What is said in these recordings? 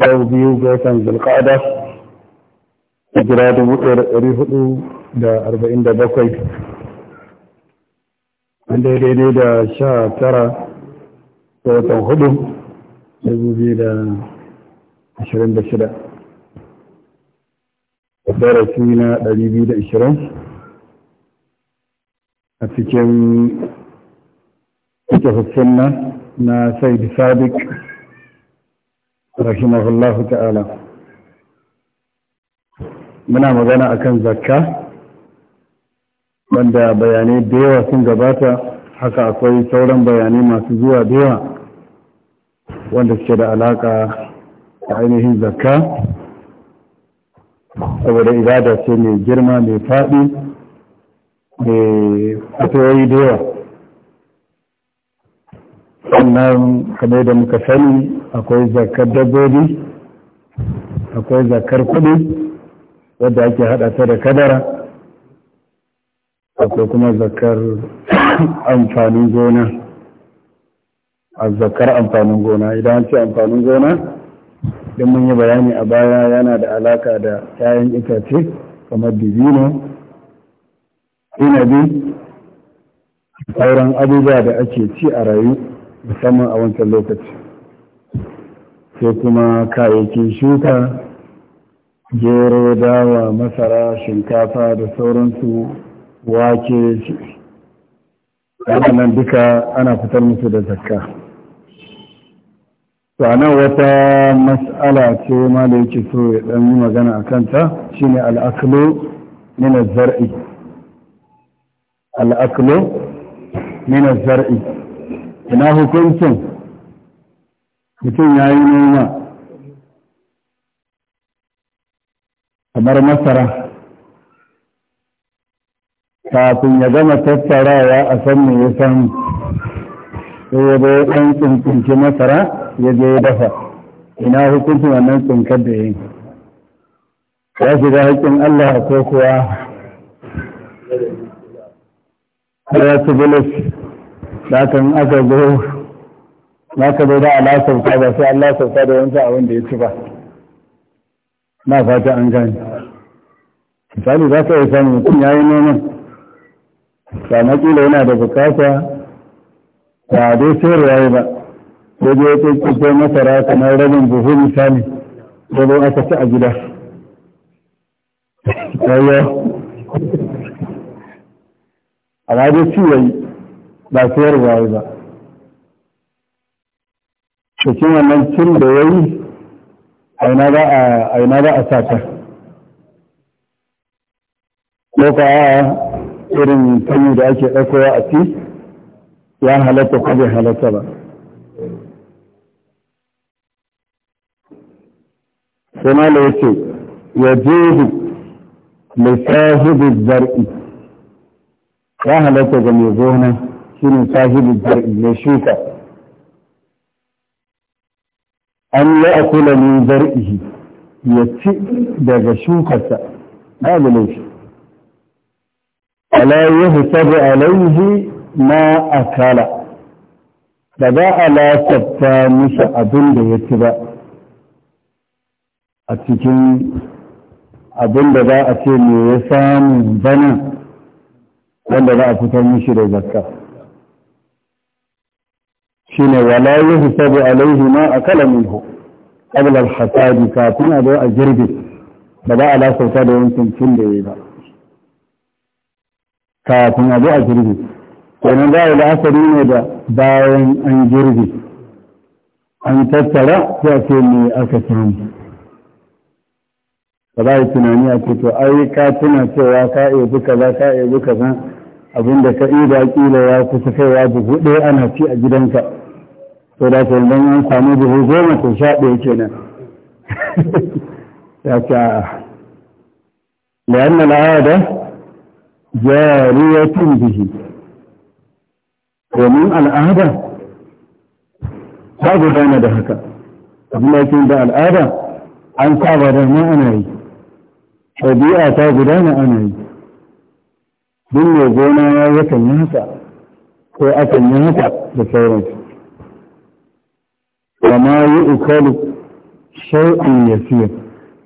yau biyu ga watan zulqa'ada hijira dubu ɗari hudu da arba'in da bakwai an daidai da sha tara ga watan hudu dubu biyu da ashirin da shida darasi na ɗari biyu da ashirin a cikin ita sunna na saidi sadiq رحمه الله تعالى muna magana akan zakka wanda bayanai da sun gabata haka akwai sauran bayanai masu zuwa da yawa wanda suke da alaƙa da ainihin zakka saboda ibada ce mai girma mai faɗi mai fatoyi da yawa sannan kamar da muka sani akwai zakar dabbobi akwai zakar kuɗi wadda ake haɗa ta da kadara akwai kuma zakar amfanin gona a zakar amfanin gona idan ce amfanin gona don mun yi bayani a baya yana da alaka da kayan itace kamar dibino inabi sauran abubuwa da ake ci a rayu musamman a wancan lokaci sai kuma kayayyakin shuka gero dawa masara shinkafa da sauransu wake nan duka ana fitar musu da zakka nan wata mas'ala ce ma da yake so ya dan yi magana a kanta shine al'aklo min zar'i al'aklo min zar'i ina hukuncin mutum ya yi noma kamar masara kafin ya gama tattarawa a san me ya san ya bai ɗan tsinkinci masara ya je ya dafa ina hukuncin wannan tsinkar da yi ya shiga haƙƙin Allah ko kuwa ya ci bilis da kan aka zo na ka zo da Allah sauka ba sai Allah sauka da wancan abin da ya ci ba na fata an gani misali za ka yi samun mutum ya yi noman na kila yana da bukata ba dai sayarwa ya ba ko dai ya kai masara kamar rabin buhu misali ko dai aka ci a gida amma dai ci yi. ba sayar waye ba cikin wannan cin da ya yi aina ba a sata ko ka irin kanyu da ake ɗaukowa a ci ya halatta ko bai halatta ba sai ma ya je ya jehu sahibin zar'i ya halatta ga mai gona shi ne sahibin zar'i ya shuka an yi akula ne zar'ihi ya ci daga shukarsa babu laifi ala yi hisabu alaihi ma akala da ba za a lasafta mishi abin da ya ci ba a cikin abin da za a ce me ya samu bana wanda za a fitar mishi da zakka shine wala yuhsabu alaihi ma akala minhu qabla al-hasadi kafin a zo a girbe ba za a lasauta da yankin cin da yayi ba kafin a zo a girbe kenan za a la'asari ne da bayan an girbe an tattara sai a ce me aka samu ba za a yi tunani a ce to ai ka tuna cewa ka duka kaza ka duka kaza abinda ka iya da kila ya kusa kaiwa buhu ɗaya ana ci a gidanka ko da ke idan an samu buhu goma to sha ɗaya kenan ya ce a la'anna al'ada jariyatun bihi domin al'ada ta gudana da haka abin da da al'ada an saba da ma ana yi ɗabi'a ta gudana ana yi duk mai gona ya yakan yi haka ko akan yi haka da sauransu kama yi ukalu ya yasir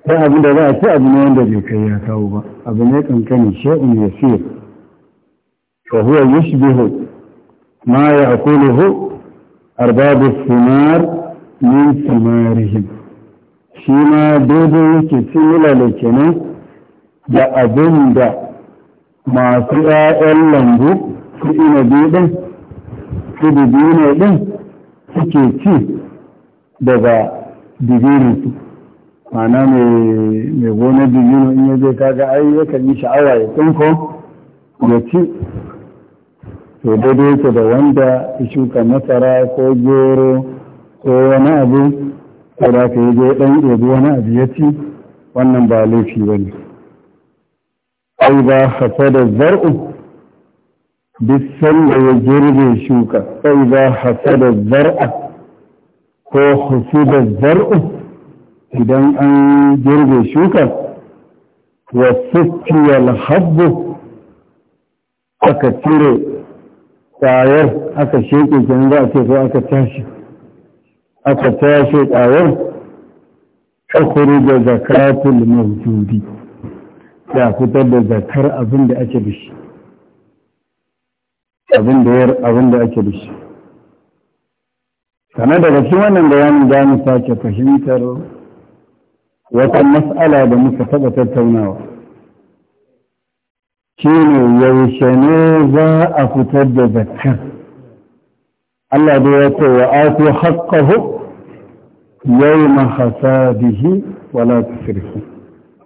sai abin da za a ci abu ne wanda bai kai ya kawo ba abu ne kankani ya yasir fa huwa bihu ma ya ya'kuluhu arbabu sumar min thimarihim shi ma daidai yake simila da kenan da abin da masu ‘ya'yan lambu su ina biyu ɗin su bibiyu ne ɗin suke ci daga divinity mana mai gona divino in yaje kaga ai yakan yi sha'awa ya tsinko ya ci to daidai yake da wanda ya shuka masara ko gero ko wani abu ko da ka yaje dan ɗebi wani abu ya ci wannan ba laifi ba ne ai ba da zar'u duk sanda ya girbe shuka sai ba da zar'a ko husubar zar'u idan an girbe shukar wa sukiyar habbu aka cire tsayar aka sheke kyan za a ce ko aka tashi aka tashi ƙwayar ƙakuru da zakatul mawjudi ya fitar da zakar abinda ake da shi abin da ake da shi sannan daga cikin wannan bayanin za mu sake fahimtar wata mas'ala da muka taɓa tattaunawa shi ne yaushe ne za a fitar da zakar Allah da ya ce wa aku mahasa yawma wala ta sirfi tusrifu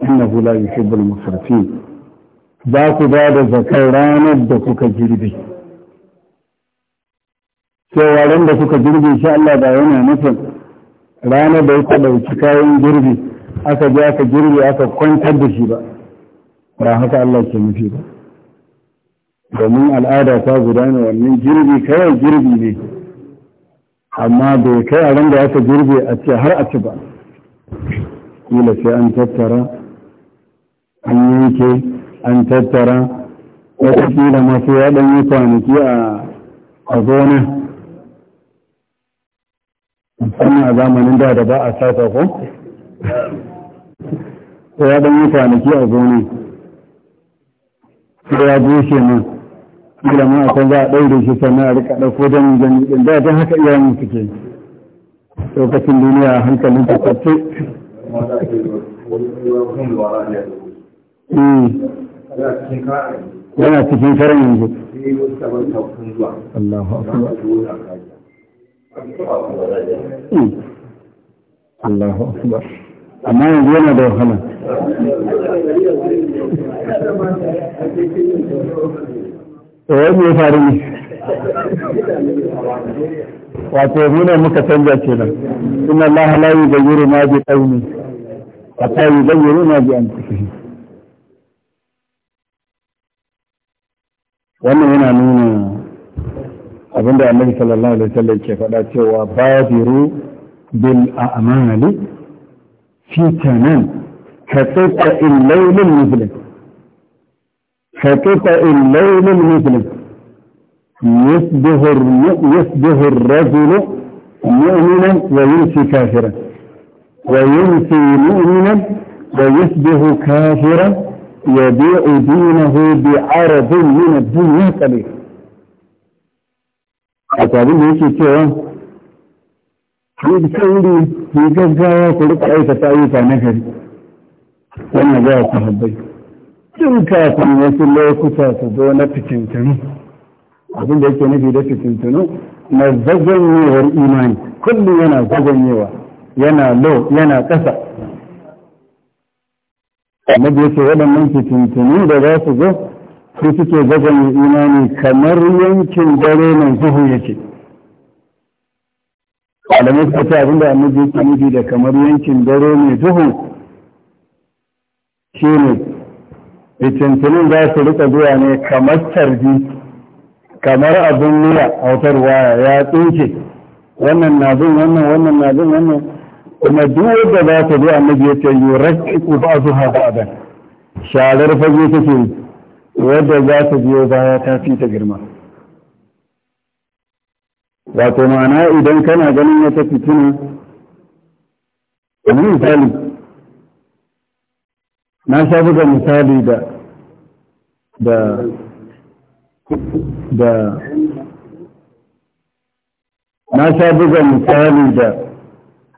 innahu yi yuhibbul musrifin za ku ba da zakar ranar da kuka girbi? cewa ran da suka girbe shi Allah ba yana nufin ranar da ya ɗauki kayan girbi aka je aka girbe aka kwantar da shi ba ba haka Allah ke nufi ba domin al'ada ta gudana wannan girbi kawai girbi ne amma bai kai a ran da aka girbe a ce har a ci ba kila sai an tattara an yanke an tattara wata kila masu ya yi kwanaki a gona musamman a zamanin da da ba a sata ko ko ya dan yi kwanaki a gona ko ya shi ne kila ma akwai za a ɗaure shi sannan a rika ɗauko don gani ɗin da ta haka iya mu suke lokacin duniya hankalin ta kwace hmm. yana cikin karan yanzu Allahu Allahu Akbar. Amma yanzu yana da wahala. Eh, wai me faru ne? Wato muna muka canja kenan. Inna Allah la ma bi ma bi Wannan yana nuna abinda annabi sallallahu alaihi wasallam ke faɗa cewa badiru bil a'mali fitanan كقطع الليل المظلم كقطع الليل المظلم يصبح يصبح الرجل مؤمنا ويمسي كافرا ويمسي مؤمنا ويصبح كافرا يبيع دينه بعرض من الدنيا قليلا a tabin da yake cewa ku da wuri ku gaggawa ku rika aikata ayyuka na gari wannan za ku habbai tun kafin wasu lokuta su zo na fitintunu abin da yake nufi da fitintunu na zaganyewar imani kullum yana zaganyewa yana low yana ƙasa annabi yake waɗannan fitintunu da za su zo su suke gazayin imani kamar yankin dare mai zuhu yake alamai suka ce abinda annabi yake nufi da kamar yankin dare mai ne. shine litintinin za su rika zuwa ne kamar tarbi kamar abin nuna a wutar waya ya tsinke wannan na bin wannan wannan na bin wannan kuma duk wanda za ta zo annabi ya ce yurakku ba zuha ba'dan sharar fage take yi wadda za ta biyo baya ta fi ta girma wato ma'ana idan kana ganin wata fitina yanzu misali na sha buga misali da da da na sha buga misali da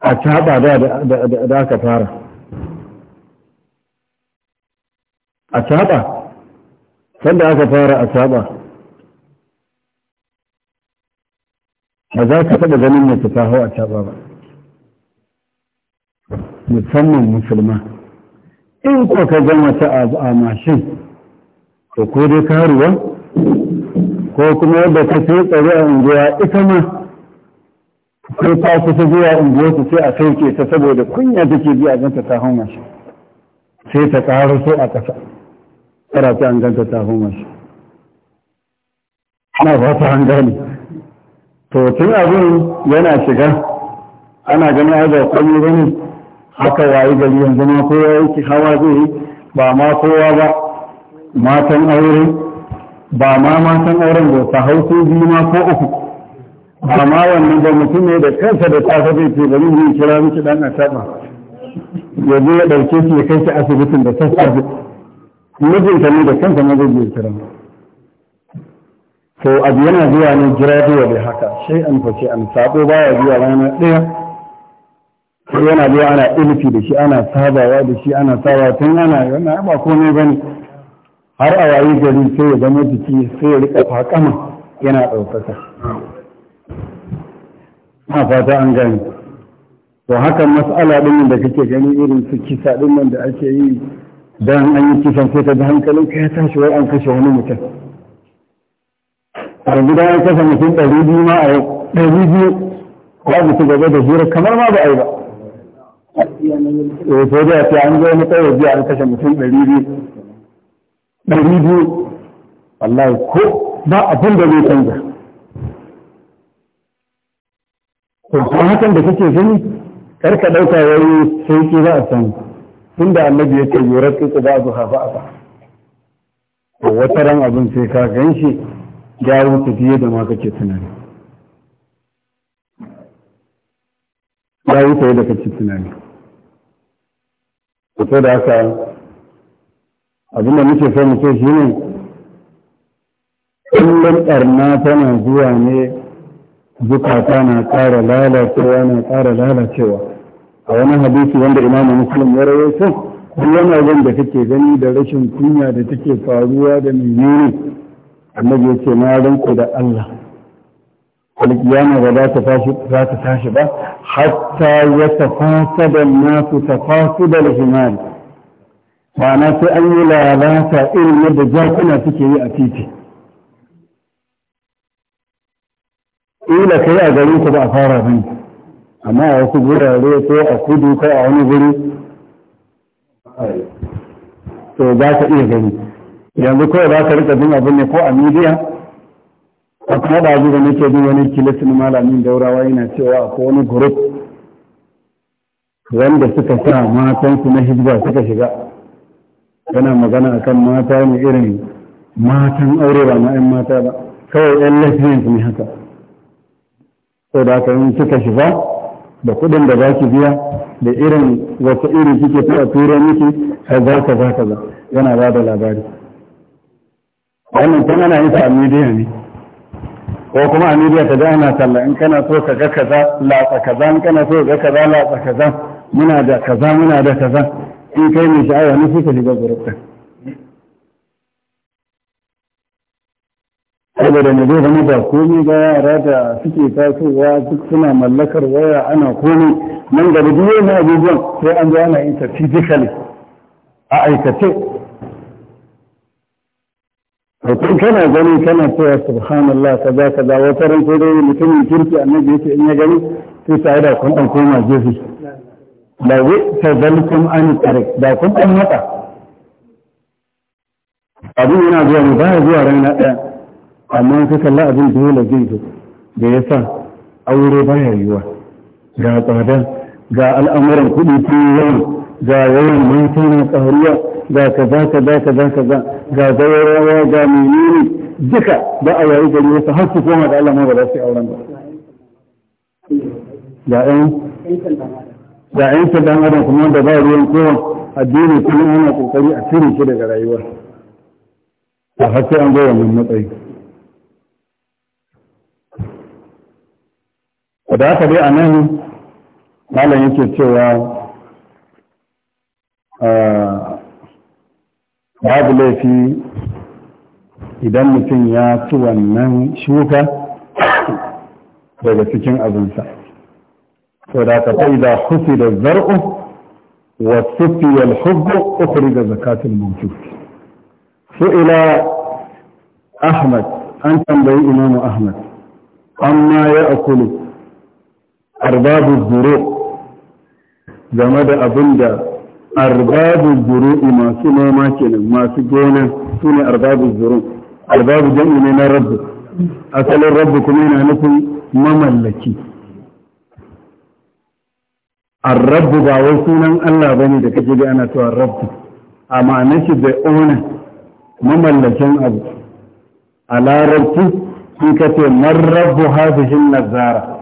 a caɓa da da aka fara a caɓa sanda aka fara a saba ba za ka taba ganin mai ta hau a saba ba musamman musulma in ko ka ga mace a mashin to ko dai karuwa ko kuma yadda ka fi tsari a unguwa ita ma ko ta kusa zuwa unguwa su sai a sauke ta saboda kunya take biya a ganta ta hau mashin sai ta karu so a ƙasa karatu an ganta ta homa shi ana ta an gani to tun abin yana shiga ana ganin haza kwanye ba ne haka wayi gari yanzu ma kowa yake hawa zai yi ba ma kowa ba matan aure ba ma matan auren da ta ko biyu ma ko uku ba ma wannan ba mutum ne da kansa da safe zai ce bari ne kira miki dan asaba yanzu ya ɗauke shi ya kai shi asibitin da sassafe mijinta ne da kanta ne zai je kira to abu yana zuwa ne zuwa bai haka sai an fashe an sabo baya zuwa rana ɗaya sai yana zuwa ana ilfi da shi ana sabawa da shi ana sabawa tun ana yana ba komai ba ne har a wayi gari sai ya zama jiki sai ya rika fakama yana ɗaukaka a fata an gani to hakan mas'ala ɗin da kake gani irin su kisa ɗin da ake yi don an yi kisan sai ka bi hankalin ka ya tashi wai an kashe wani mutum a gida ya kasa mutum ɗari biyu ma a yau ɗari biyu ba mu ci gaba da hira kamar ma ba a yi ba ya ko da ce an zo mu tsaye biyu an kashe mutum ɗari biyu ɗari biyu wallahi ko ba abin da zai canza to hakan da kake gani karka ɗauka wai sai ki za a sani tunda annabi yake yuratu qubadu ha ba to wata ran abin sai ka ganshi ya wuce fiye da ma kake tunani ya yi da kake tunani to da haka abin da muke so mu ce shine kullum ɓarna tana zuwa ne zukata na ƙara lalacewa na ƙara lalacewa a wani hadisi wanda imamu muslim ya rawaito yana abin da kake gani da rashin kunya da take faruwa da menene annabi ya ce na ranku da Allah alkiyama ba za ta tashi za ta tashi ba hatta ya da nasu tafasada al-himal ma'ana sai an yi lalata irin yadda jakuna suke yi a titi ila kai a garin ku ba a fara bane amma a wasu gurare ko a kudu ko a wani guri to za ka iya gani yanzu kawai za ka rika bin abin ne ko a midiya a kuma da da nake bin wani kilitin malamin daurawa yana cewa ko wani grup wanda suka sa matansu na hijira suka shiga yana magana akan mata ne irin matan aure ba na 'yan mata ba kawai 'yan lafiyansu ne haka sau da aka yi suka shiga da kuɗin da za ki biya da irin wasu irin kike fi a turo miki za kaza kaza yana ba da labari wannan tun ana yin sa a ne ko kuma a midiya ta ana talla in kana so ka ga kaza latsa kaza in kana so ga kaza latsa kaza muna da kaza muna da kaza in kai mai sha'awa ne ka shiga gurbin saboda mu zai zama ba komai ba yara da suke tasowa duk suna mallakar waya ana komi nan gaba duk yana abubuwan sai an zo ana yin ta physically a aikace Hukun kana gani kana cewa subhanallah kaza kaza wata ran sai dai mutumin kirki annabi yake in ya gani sai ta da kun dan koma gefe la wi tazalkum an tarik da kun dan mata abin yana zuwa ne ba zuwa ran na daya amma ka kalla abin dole zai zo da ya sa aure baya yiwa ga tsada ga al'amuran kuɗi sun yawan ga yawan mata na ƙaruwa ga kaza za kaza za ga zawarawa ga menene duka ba a yayi gari wasu har su koma da Allah ma ba za su yi auren ba ga ƴan ga sadan adam kuma da ba ruwan kowa addini kuma ana kokari a cire shi daga rayuwa a har an zo wannan matsayi da haka dai a nan malam yake cewa babu laifi idan mutum ya ci wannan shuka daga cikin abinsa to da ka fai da hufi da zar'u wa sufi wal hubbu ukuri da zakatul Su ila ahmad an tambayi imamu ahmad amma ya akulu arbabu zuro game da abin da arbabu zuru'i masu noma kenan masu gona su ne arbabu zuru arbabu jam'i ne na rabbu asalin rabbu kuma yana nufin mamallaki arrabu ba wai sunan Allah bane da kake ga ana cewa rabbu a ma'anar shi da ona mamallakin abu a larabci sun kace man rabbu hazihin nazara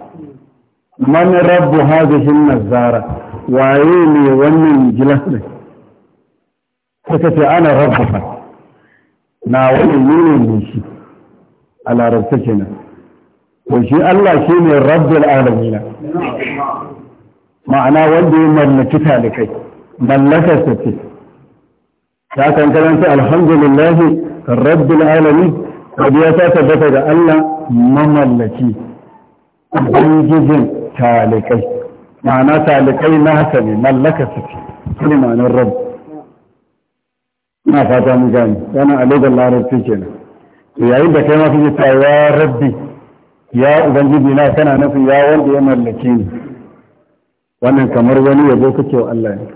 man rabbu hadhihi nazara waye ne wannan gilas ne suka ce ana rabbuha na wannan ne ne shi a larabta kenan to shi Allah shi ne rabbul alamin ma'ana wanda ya mallaki talikai mallakar sa ce ta kan sai alhamdulillahi rabbil alamin godiya ta tabbata ga Allah mamallaki ubangijin talikai ma'ana talikai na haka ne mallaka su ce shine ma'anar rabu ina fata mu gani Yana a larabci kenan to yayin da kai ma kake ta ya rabbi ya ubangiji na kana nufin ya wanda ya mallake ni wannan kamar wani yabo kake wa Allah ne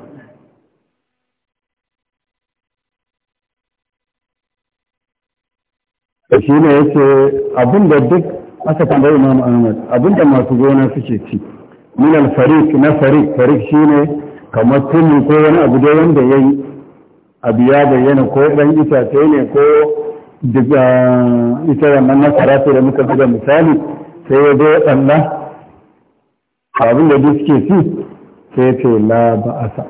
shi ne yake abin da duk aka tambayi imam ahmad abinda masu gona suke ci min al-farik na farik farik shine kamar tuni ko wani abu da wanda yayi abu ya bayyana ko dan itace ne ko daga ita wannan nasara da muka da misali sai ya zo Allah abin da duk suke ci sai ce la sa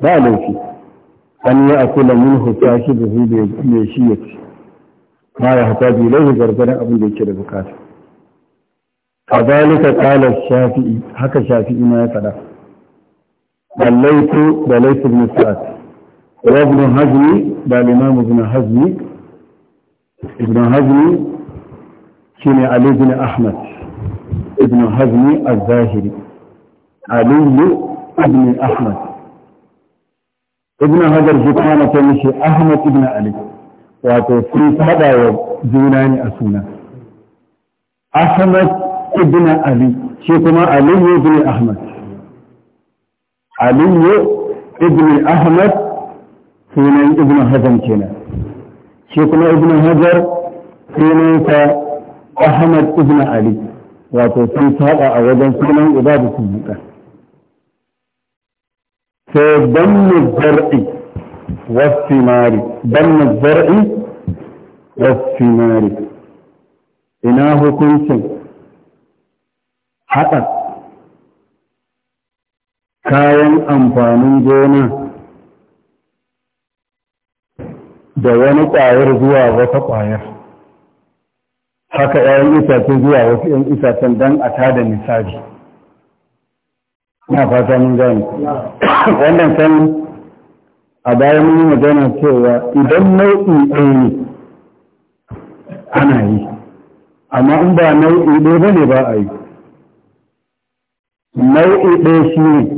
ba laifi an yi kula min shi da shi ya ci ma ya hata bi laifi abin da yake da bukata كذلك قال الشافعي حكى الشافعي ما يفعل بليت بليت بن سعد وابن هزمي بالإمام ابن هزمي ابن هزمي كان علي بن أحمد ابن هزمي الظاهري علي ابن أحمد ابن هزر جكانة مشي أحمد ابن علي وتوفي هذا زوناني أسونا أحمد ibn ali shi kuma aliyu ibn ahmad aliyu ibn ahmad sunan ibn hazan kenan shi kuma ibn hajar sunansa ahmad ibn ali wato sun saba a wajen sunan ibadu su buka sai dammu zar'i wasu mari dammu zar'i wasu mari ina hukuncin haɗa kayan amfanin gona da wani ƙwayar zuwa wata ƙwayar haka ‘ya'yan itace zuwa wasu ‘yan itacen don a tada misali na fata mun gani. wannan kan a bayan mun yi magana cewa idan nau'i ɗaya ne ana yi amma in ba nau'i ɗaya ba ne ba a yi nau'i ɗaya shi ne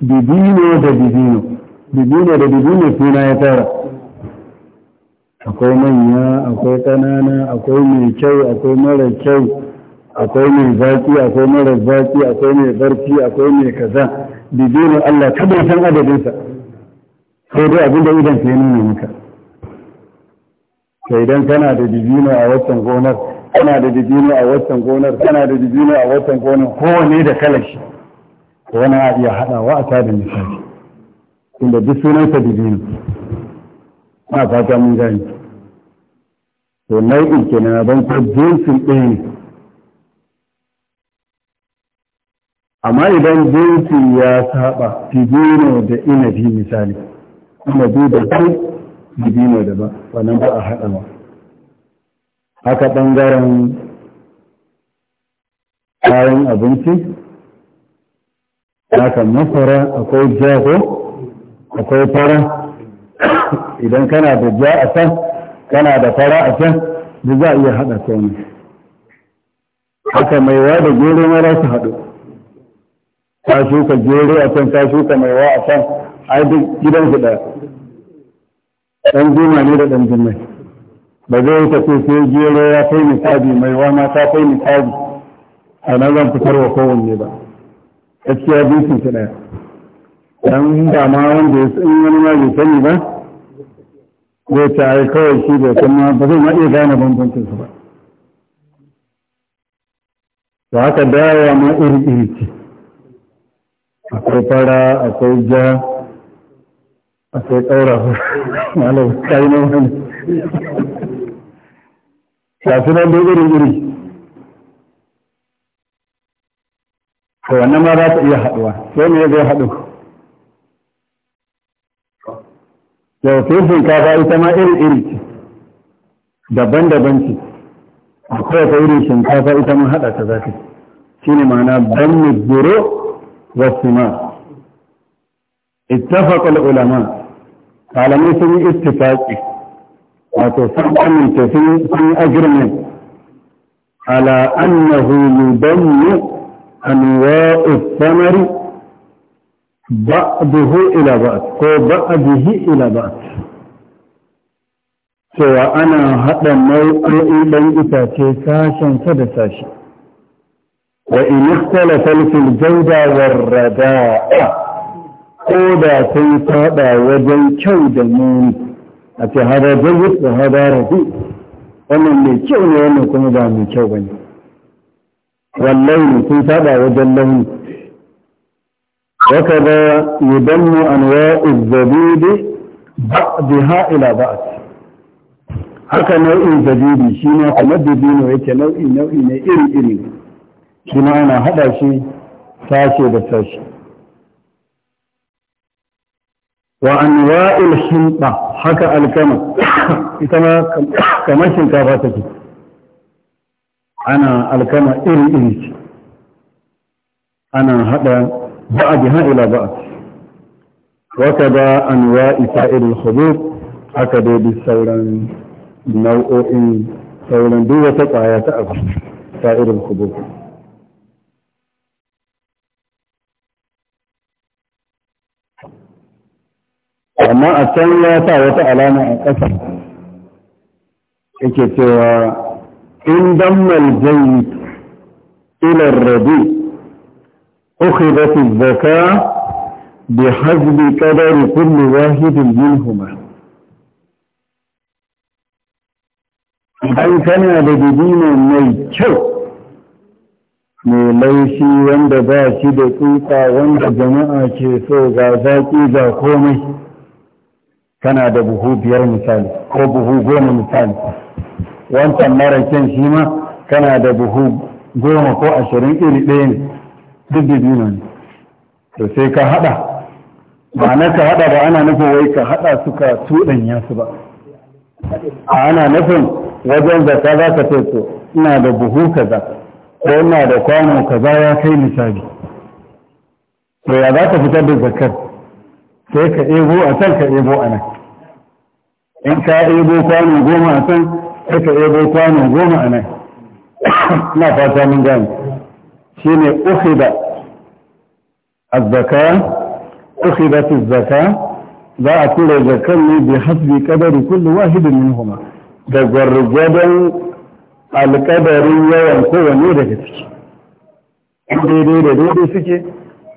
dibino da dibino dibino da dibino suna ya tara akwai manya akwai ƙanana akwai mai kyau akwai mara kyau akwai mai zaki akwai mara zaki akwai mai barci akwai mai kaza dibino Allah kada san adadinsa sai dai abinda idan sai nuna maka to idan kana da dibino a wancan gonar kana da dibino a watan gonar kana da dibino a watan gonar kowane da kalashi to wani a iya haɗawa a tada misali inda duk sunan sunansa dibino na fata mun gani to nau'in kenan don ko jinsin ɗaya ne amma idan jinsi ya saba dibino da inabi misali inabi da kai dibino da ba wannan ba a haɗawa haka ɓangaren kayan abinci haka masara akwai jago akwai fara idan kana da ja a can kana da fara a can da za a iya haɗa sauni haka maiwa da gero mara su haɗu ka shuka gero a can ka shuka maiwa a can ai duk gidan su ɗaya ɗan ne da ɗan jimai ba zai ta ce sai gero ya kai misali mai wana ta kai misali a nan zan fitar wa kowanne ba gaskiya bisin ta daya dan da ma wanda ya san wani ma bai sani ba zai ta ai kawai shi bai san ba zai ma iya gane bambancin su ba to haka dawa ma iri iri ce akwai fara akwai ja akwai ƙaura malam kai ne wani ga su nan dai iri iri to wannan ma za ta iya haɗuwa sai me zai haɗu yau sai shinkafa ita ma iri iri ce daban-daban ce akwai ta irin shinkafa ita ma haɗa ta za ta shi ne ma'ana banni zuro wasu ma ittafaqa ulama malamai sun yi ittifaqi wato sun amince sun sun agreement ala annahu yudannu anwa'u samari ba'dahu ila ba'd ko ba'dahu ila ba'd cewa ana haɗa nau'o'i ɗan itace sashensa da sashi wa in ikhtalafa fil jawda war rada'a ko da sun faɗa wajen kyau da muni a ce hada jayyid da hada rafi wannan mai kyau ne wannan kuma ba mai kyau ba ne wallahi sun saba wajen launi وكذا ba أنواع الزبيب بعضها إلى بعض haka nau'in zabibi shi ne kamar dabino yake nau'i nau'i ne iri iri shi ma ana haɗa shi sashe da sashe wa anwa'il himba haka alkama ita ma kamar shinkafa take ana alkama iri iri ce ana hada ba'a biha ila ba'a wa kada anwa'i sa'iril hudud haka dai bi sauran nau'o'in sauran duk amma a can ya sa wata alama a ƙasa yake cewa in dammal jayi ilar rabi da الزكاة بحسب قدر wahidin yin huma idan kana da dubino mai kyau mai laushi wanda ba shi da tsuka wanda jama'a ke so ga zaƙi ga komai kana da buhu biyar misali ko buhu goma misali wancan mara kyan shi ma kana da buhu goma ko ashirin iri ɗaya ne duk da biyu ne to sai ka haɗa ma'ana ka haɗa ba ana nufin wai ka haɗa suka tuɗanya su ba a ana nufin wajen da ka za ka ce to ina da buhu kaza ko ina da kwano kaza ya kai misali to ya za ka fitar da zakar sai ka ebo a can ka ebo a nan in ka ebo kwano goma a can sai ka ebo kwano goma a nan na fata mun gani shi ne ukhida azzaka ukhidat azzaka za a tura zakan ne bi hasbi qadari kulli wahidin minhuma da gwargwadon alƙadarin yawan kowanne daga ciki daidai da daidai suke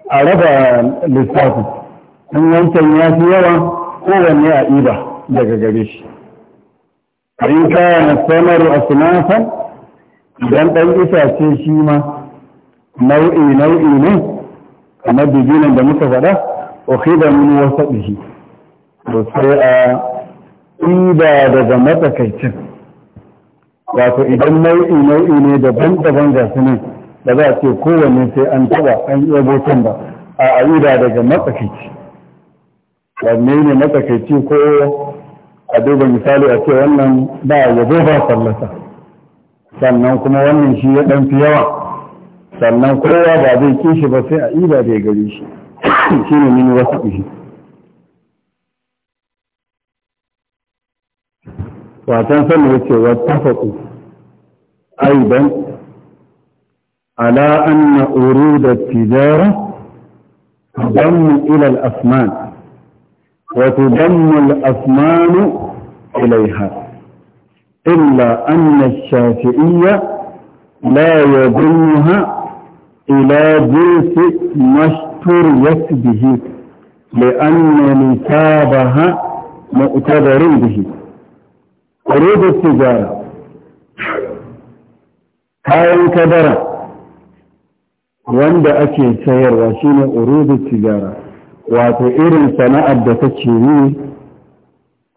a raba lissafin in wancan ya fi yawa kowanne a iba daga gare shi a in kaya samaru a sinasa idan ɗan itace shi ma nau'i nau'i ne kamar bijinan da muka faɗa ukhida min wasatihi to sai a ɗiba daga matsakaicin wato idan nau'i nau'i ne daban-daban ga su ne ba za a ce kowanne sai an taɓa an iya can ba a aida daga matsakaici wanne ne matsakaici ko a duba misali a ce wannan ba yabo ba sallata sannan kuma wannan shi ya ɗan fi yawa sannan kowa ba zai kishi ba sai a iba da ya gari shi shi ne mini wasu ƙishi wacan sannan ya ce wata faɗo aidan ala anna uru da tijara don mu ilal asman وتضم الأثمان إليها إلا أن الشافعية لا يضمها إلى جنس ما اشتريت به لأن نسابها مؤتبر به أريد التجارة هاي kadara wanda ake سير shine urudut التجارة wato irin sana'ar da take yi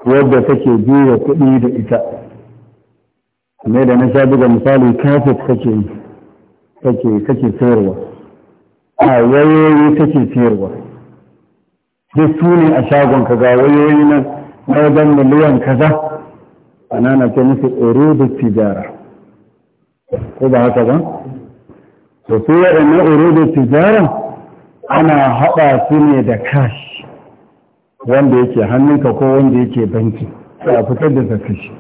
wadda take juya kuɗi da ita ne da na sha buga misali kafet kake yi kake kake sayarwa a wayoyi kake sayarwa duk su ne a shagon ka ga wayoyi na wajen miliyan kaza ana na ce musu urudut tijara ko ba haka ba to su waɗannan urudut tijara ana haɗa su ne da cash wanda yake hannunka ko wanda yake banki a fitar da zakashi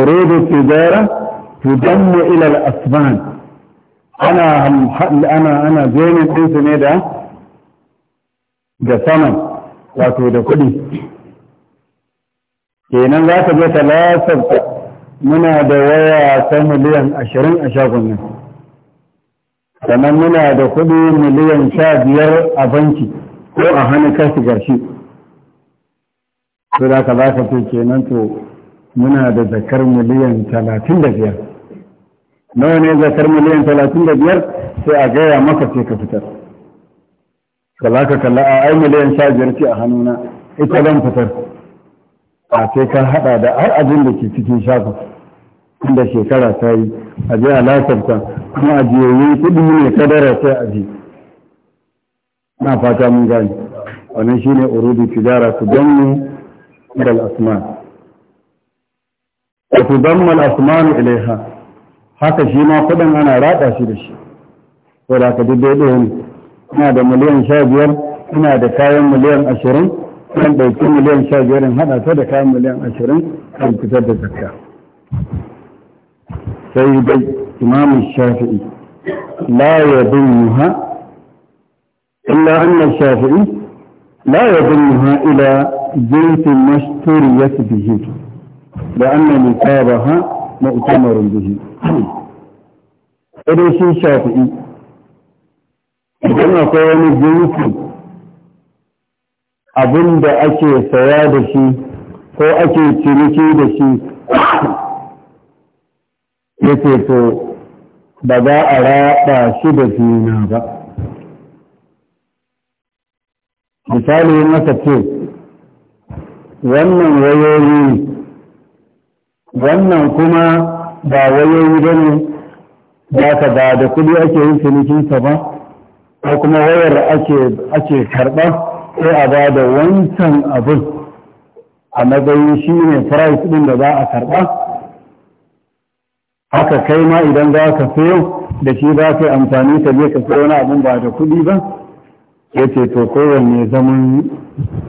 urudu tijara tudammu ila al-asban ana ana ana jerin ɗinsu ne da da saman wato da kuɗi kenan za ka je ta muna da waya ta miliyan ashirin a shagon nan kamar muna da kudi miliyan sha biyar a banki ko a hana kashi garshi to da ka za ka ce kenan to muna da zakar miliyan talatin da biyar nawa ne zakar miliyan talatin da biyar sai a gaya maka ce ka fitar ka za ka kalla a ai miliyan sha biyar ce a hannuna ita zan fitar a sai ka hada da har abin da ke cikin shafin da shekara ta yi a je a kuma a jiyoyi kudi ne kadara sai a ji na fata mun gani wannan shi ne urudu tijara su danne da al'asman da su damma al'asman ilaiha haka shi ma kudin ana rada shi da shi ko da ka dubbe daidai ne ina da miliyan sha biyar ina da kayan miliyan ashirin kan ɗauki miliyan sha biyar in haɗa ta da kayan miliyan ashirin kan fitar da zakka سيد إمام الشافعي لا يضمها إلا أن الشافعي لا يضمها إلى جنس ما اشتريت به لأن نصابها مؤتمر به إليش الشافعي إذا أقوم جنس أظن أشي سيادشي أو أشي تنشيدشي yake to ba za a raɓa shi da juna ba misali yin aka ce wannan wayoyi wannan kuma ba wayoyi ba ne ba ka ba da kudi ake yin cinikinsa ba ko kuma wayar ake karɓa ko a ba da wancan abin a madayin shi ne price ɗin da za a karɓa haka kai ma idan za ka sayo da shi za ka yi amfani ka je ka sayo na abin ba da kuɗi ba ya ce to kowanne zaman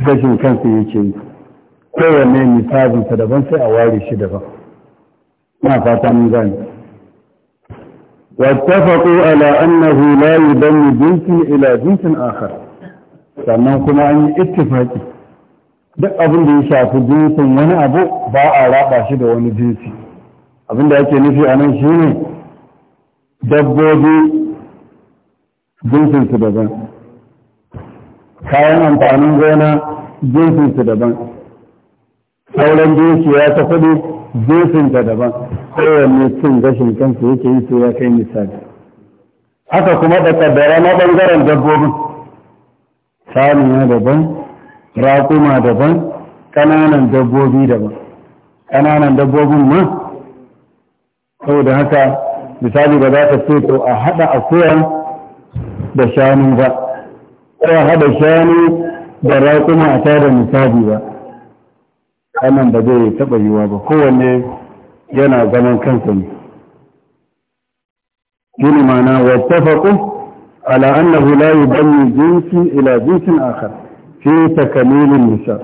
gashin kansa yake yi kowanne misalinsa daban sai a ware shi daban na fata mun gani واتفقوا على أنه لا يدن جنس إلى جنس آخر sannan kuma an yi ittifaki duk abin da ya shafi jinsin wani abu ba a raba shi da wani jinsi abinda ake nufi a nan shine dabbobi jinsinsu daban kayan amfanin gona jinsinsu daban sauran dukiya ta kudu jinsinta daban kowanne cin gashin kansu yake yi sai ya kai misali haka kuma da kaddara na bangaren dabbobin saniya daban raƙuma daban ƙananan dabbobi daban ƙananan dabbobin ma saboda haka misali ba za ka ce to a haɗa akuya da shanu ba ko a haɗa shanu da raƙuma a tare misali ba wannan ba zai taɓa yiwa ba kowanne yana zaman kansa ne shine ma'ana wattafaqu ala annahu la yubanni jinsi ila jinsin akhar fi takamilin nisa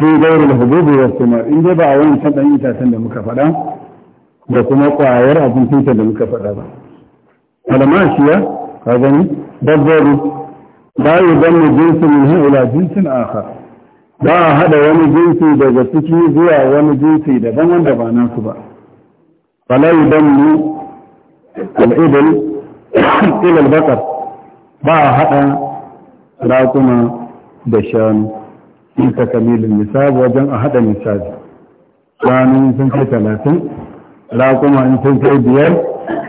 fi ghairi al-hudud wa in dai ba a wancan dan itacen da muka faɗa da kuma ƙwayar abincinsa da muka faɗa ba almashiya ka gani dabbobi ba yi ban mu ila jinsin ba a haɗa wani jinsi daga ciki zuwa wani jinsi daban wanda ba ba fala yi mu ba a haɗa rakuma da shanu in ka kamilin misali wajen a haɗa misali shanu sun kai talatin kuma in sun kai biyar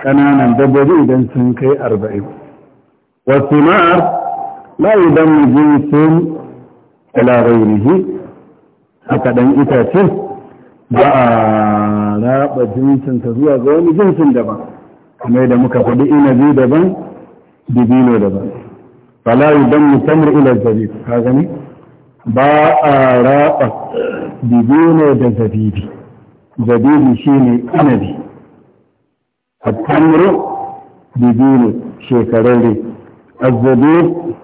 ƙananan dabbobi idan sun kai arba'in wasu ma'ar la idan jinsin ila ghairihi a kaɗan itace ba a raɓa jinsin zuwa ga wani jinsin daban kamar da muka faɗi inabi daban dibino daban fala idan musamman ila zabib ka gani ba a raba dibino da zabibi جديد شيني أنبي التمر بدين شكرالي الزبيب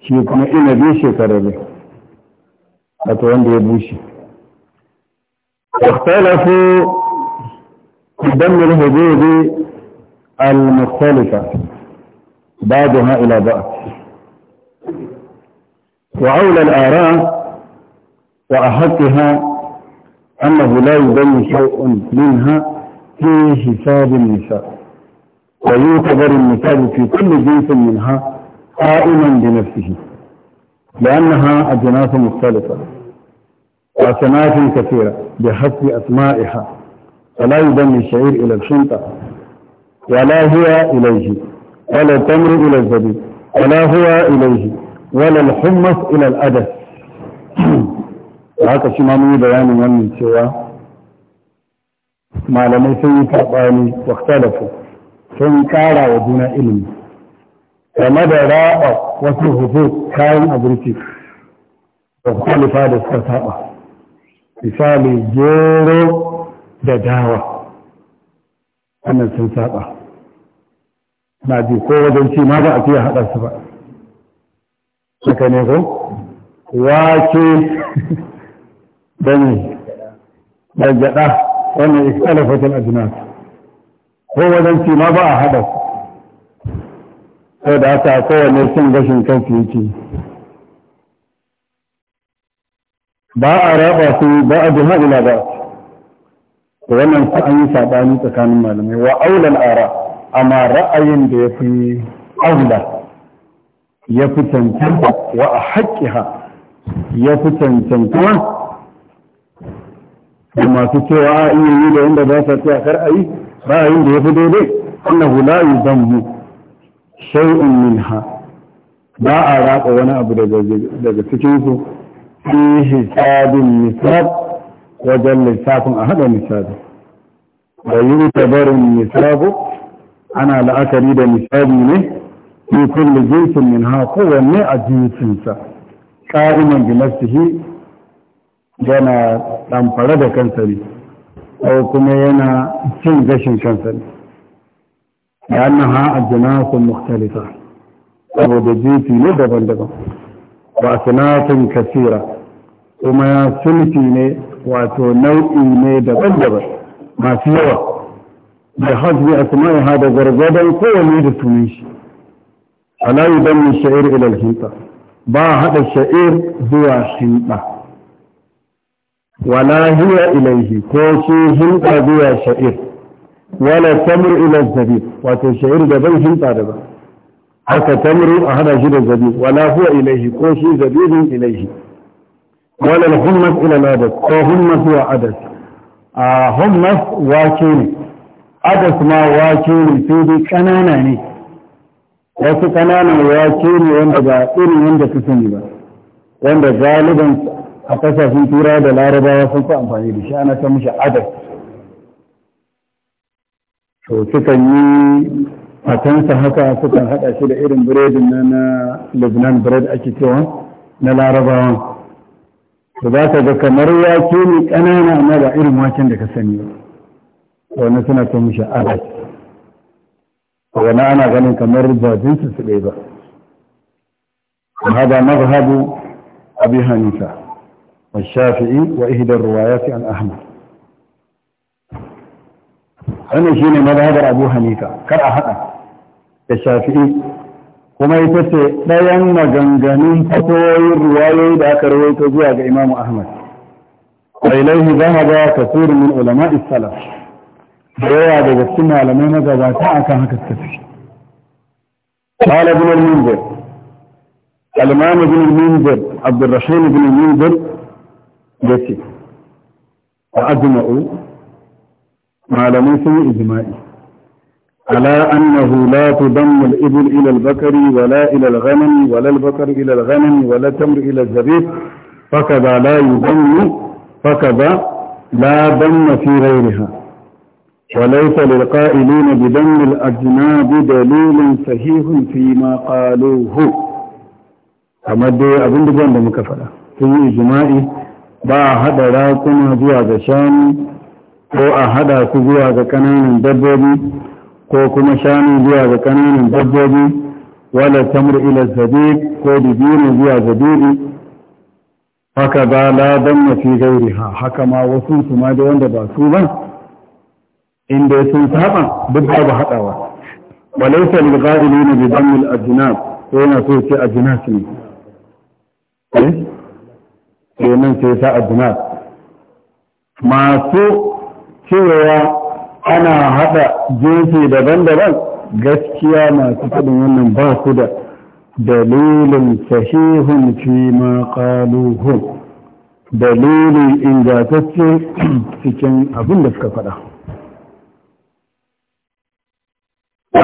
شيكم أنبي شكرالي أتوان ديبوشي اختلفوا الدم الهبيب المختلفة بعدها إلى بعض وعول الآراء وأحقها أنه لا يبين شيء منها في حساب النساء ويعتبر النساء في كل جنس منها قائما بنفسه لأنها أجناس مختلفة وأسماك كثيرة بحسب أسمائها فلا يبني الشعير إلى الشنطة ولا هي إليه ولا التمر إلى الزبيب ولا هو إليه ولا الحمص إلى الأدس da haka shi ma mun bayanin wannan cewa malamai sun yi saɓani waktalafu sun ƙara wa juna ilimi game da raba wasu hufu kayan abinci da kwalifa da suka saba misali gero da dawa wannan sun saba na ji ko wajen ci ma ba a fiye haɗa su ba haka ne ko wake dani da gyaɗa wannan iskalafatin ajinas ko wajen ci ba a haɗa sau da haka kowane cin gashin kansu yake ba a raba su ba a jima ila ba to wannan ta an yi saɓani tsakanin malamai wa aulan ara amma ra'ayin da ya fi aula ya fi cancanta wa a haƙƙiha ya fi cancanta da masu cewa a iya yi da wanda ba sa karayi kar a yi ra'ayin da ya fi daidai zan mu shai'un min ha. ba a raƙa wani abu daga cikin su fi hisabin nisab wajen lissafin a haɗa nisabi da yi tabarin nisabu ana la'akari da nisabi ne fi kulle jinsin minha kowanne a jinsinsa ƙa'iman bi nafsihi yana ɗamfara da kansa ne ko kuma yana cin gashin kansa ne da a ajnasun mukhtalifa saboda jinsi ne daban-daban wa sanatun kasira kuma sulki ne wato nau'i ne daban-daban masu yawa da a kuma yi hada gargadon kowane da tuni shi ala don mai sha'ir ilal hinta ba haɗa sha'ir zuwa hinta wala hiya ilaihi ko shi hinta zuwa sha'ir wala tamru ila zabib wato sha'ir da ban hinta da ba a hada shi da zabib wala huwa ilaihi ko shi zabibin ilaihi wala al-hummas ila al-adas ko hummas adas a hummas wake ne adas ma wake ne kanana ne wasu kananan wake wanda ba irin wanda ka ba wanda galiban a kasashen tura da larabawa sun fi amfani da shi ana ta mishi adab to sukan yi fatansa haka sukan haɗa shi da irin biredin na na lebanon bread ake cewa na larabawa to za ka ga kamar wake ne ƙanana amma ba irin waken da ka sani ba wani suna ta mishi adab wani ana ganin kamar ba jinsu su ɗaya ba هذا مذهب أبي حنيفة والشافعي وإهدى الروايات عن أحمد أنا شيني مذهب أبو حنيفة كرأها الشافعي كما يتسي بيان مجنجنين فتوي الرواية ذاك رواية جواب إمام أحمد وإليه ذهب كثير من علماء السلف رواية جسمة على مين ذاك أكاها كالتفش قال ابن المنذر الإمام بن المنذر عبد الرحيم بن المنذر ya ce a ajma'u malamai sun yi ijma'i ala annahu la tudammu al-ibl ila al-bakari wala ila al-ghanam wala al-bakar ila al-ghanam wala al-tamr ila al-zabib فكذا لا يضم فكذا لا ضم في غيرها وليس للقائلين بدم الأجناب دليل صحيح فيما قالوه أما دي أبن دجان دم كفلا في إجماعي ba a haɗa rakuna zuwa ga shanu ko a haɗa su zuwa ga ƙananan dabbobi ko kuma shanu zuwa ga ƙananan dabbobi wala tamr ila zabiq ko dibino zuwa zabibi haka ba la mafi fi ha, haka ma wasu su ma da wanda ba su ba inda sun saba duk babu haɗawa walaysa lil ghailina bi dammil ajnas ko yana so ce ajnas ne eh? sai sai sa adunat masu cewa ana haɗa jinsi daban-daban gaskiya masu faɗin wannan ba su da dalilin sahihun fi ma qaluhu dalilin ingantacce cikin abin da suka faɗa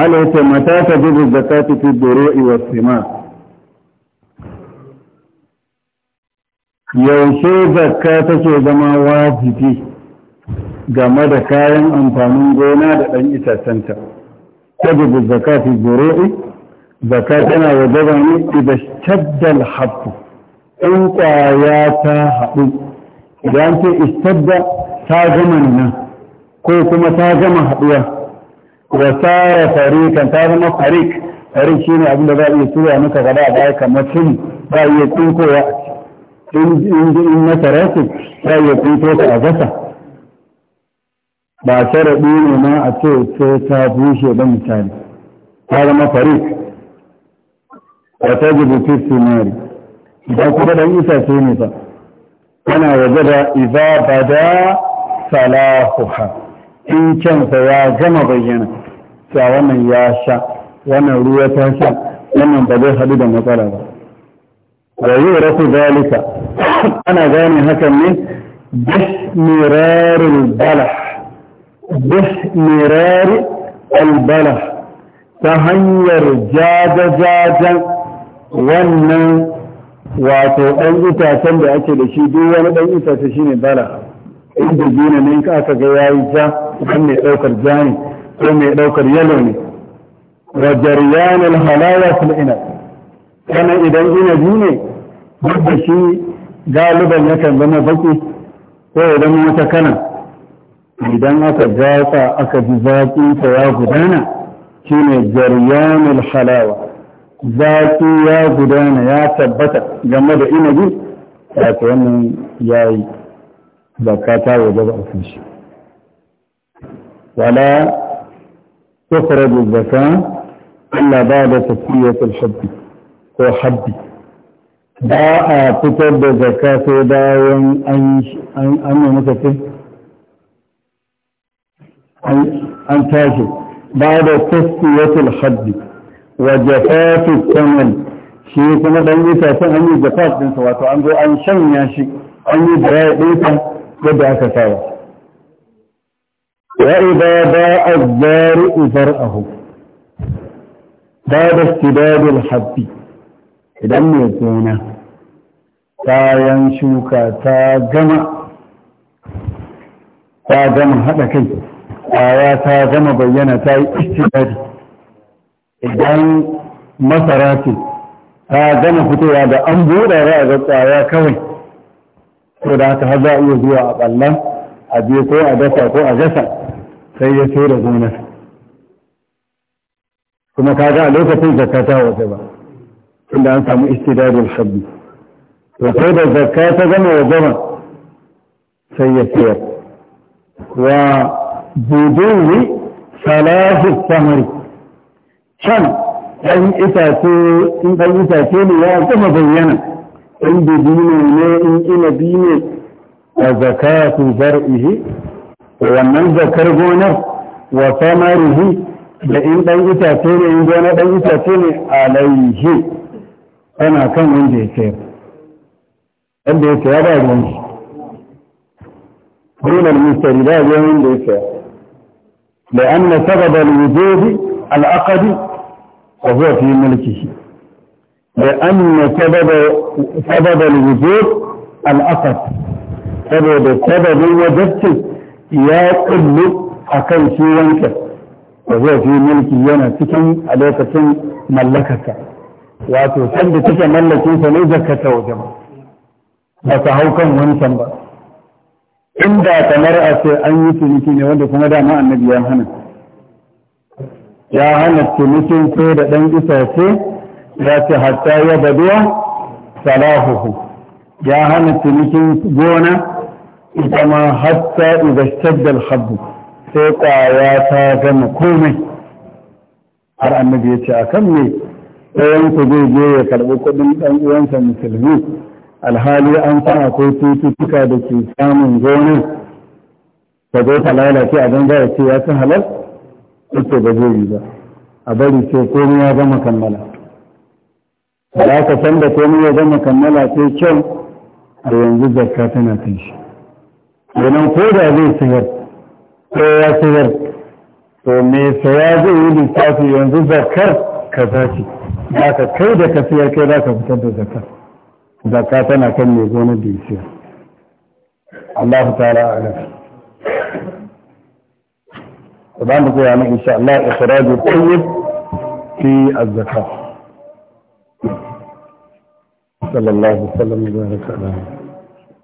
alaita mata ta jibu zakatu fi duru'i was yaushe zakka take zama wajibi game da kayan amfanin gona da ɗan itacenta bugu zakka fi zuru'i zakka tana daga ne idan shaddal habbu in ƙwaya ta haɗu idan ce istadda ta gama nan ko kuma ta gama haɗuwa da tsara farikan ta zama farik farik shine abin da za a iya tura maka gaba da kamar mutum ba iya tsinkowa in na tarasu sai ya kunto ta a gasa ba sharaɗi ne ma a ce sai ta bushe ba misali ta zama fari a ta jibuti sinari ba kuma ɗan itace ne ba yana waje da iza bada salahuha in kyansa ya gama bayyana cewa wannan ya sha wannan ruwa ta sha wannan ba zai haɗu da matsala ba wa yuraku zalika ana gane hakan ne بحمرار البلح بحمرار البلح تهنير جاجا جاجا wannan wato ɗan itacen da ake da shi duk wani ɗan itace ne bala inda jina ne ka aka ga yayi ja kan mai ɗaukar ja ne ko mai ɗaukar yalo ne wa jaryan al halawa fil inab kana idan inabi ne duk shi galiban yakan zama baki ko idan wata kana idan aka gasa aka ji zaƙi ta ya gudana shine jaryanul halawa zaƙi ya gudana ya tabbata game da inabi ta wannan ya yi. Zakata ya ba a shi wala tukhraju zakka illa ba'da tasfiyatil hubbi ko haddi ba a fitar da zakka sai bayan an yi muka ce an tashi ba da tasiriyatul haddi wa jafatu saman shi kuma dan itacen an yi jafat dinsa wato an zo an shanya shi an yi da ya ɗinsa yadda aka saba وإذا باع الزارع زرعه بعد اشتداد الحب idan mai gona kayan shuka ta gama ta gama haɗa kai ƙwaya ta gama bayyana ta yi istirari idan masara ce ta gama fitowa da an buɗe ra'a ga tsaya kawai ko da haka har za a iya zuwa a ɓallan a je ko a dasa ko a gasa sai ya tura da gonar kuma kaga a lokacin zakata waje ba inda an samu istidadin habbi to sai da zakka ta gama wa gama sai ya siyar. wa budurri salasu samari can ɗan itace in ɗan itace ne ya gama bayyana in dubino ne in inabi ne a zakatu zar'ihi wannan zakar gonar wa samarihi da in ɗan itace ne in gona ɗan itace ne alaihi ana kan wanda ya sayar wanda ya saya ba ruwan shi runar mustari ba ruwan wanda ya saya da an na sababa alwujobi al'akari wa huwa fi mulki shi da an na sababa alwujobi al'akari saboda sababin wajabcin ya kullu a kan shi wancan wa huwa fi mulki yana cikin a lokacin mallakarsa wato sanda take mallakin sa ne zakata waje ba ba ta hau kan wancan ba inda kamar a ce an yi ciniki ne wanda kuma dama annabi ya hana ya hana cinikin ko da ɗan isace ya ce hatta ya baduwa salahuhu ya hana cinikin gona ita ma hatta idashtaddal habbu sai kwaya ta gama komai har annabi ya ce akan ne? ɗayanku zai je ya karɓi kuɗin ɗan uwansa musulmi alhali an san akwai cututtuka da ke samun gona ta zo ta lalace a banza ya ce ya san halal yake ba zai yi ba a bari ce komai ya zama kammala Ba za ka san da komai ya zama kammala sai kyau a yanzu zakka tana kan shi domin ko da zai sayar ko ya sayar to me saya zai yi lissafi yanzu zakkar kaza ce za ka kai da tafiyar kai za ka fitar da zakka zakka tana kan mai zo na isiya Allahu ta'ala alam ba mu koya nan insha Allah ikhraju tayyib fi az-zakat sallallahu alaihi wa sallam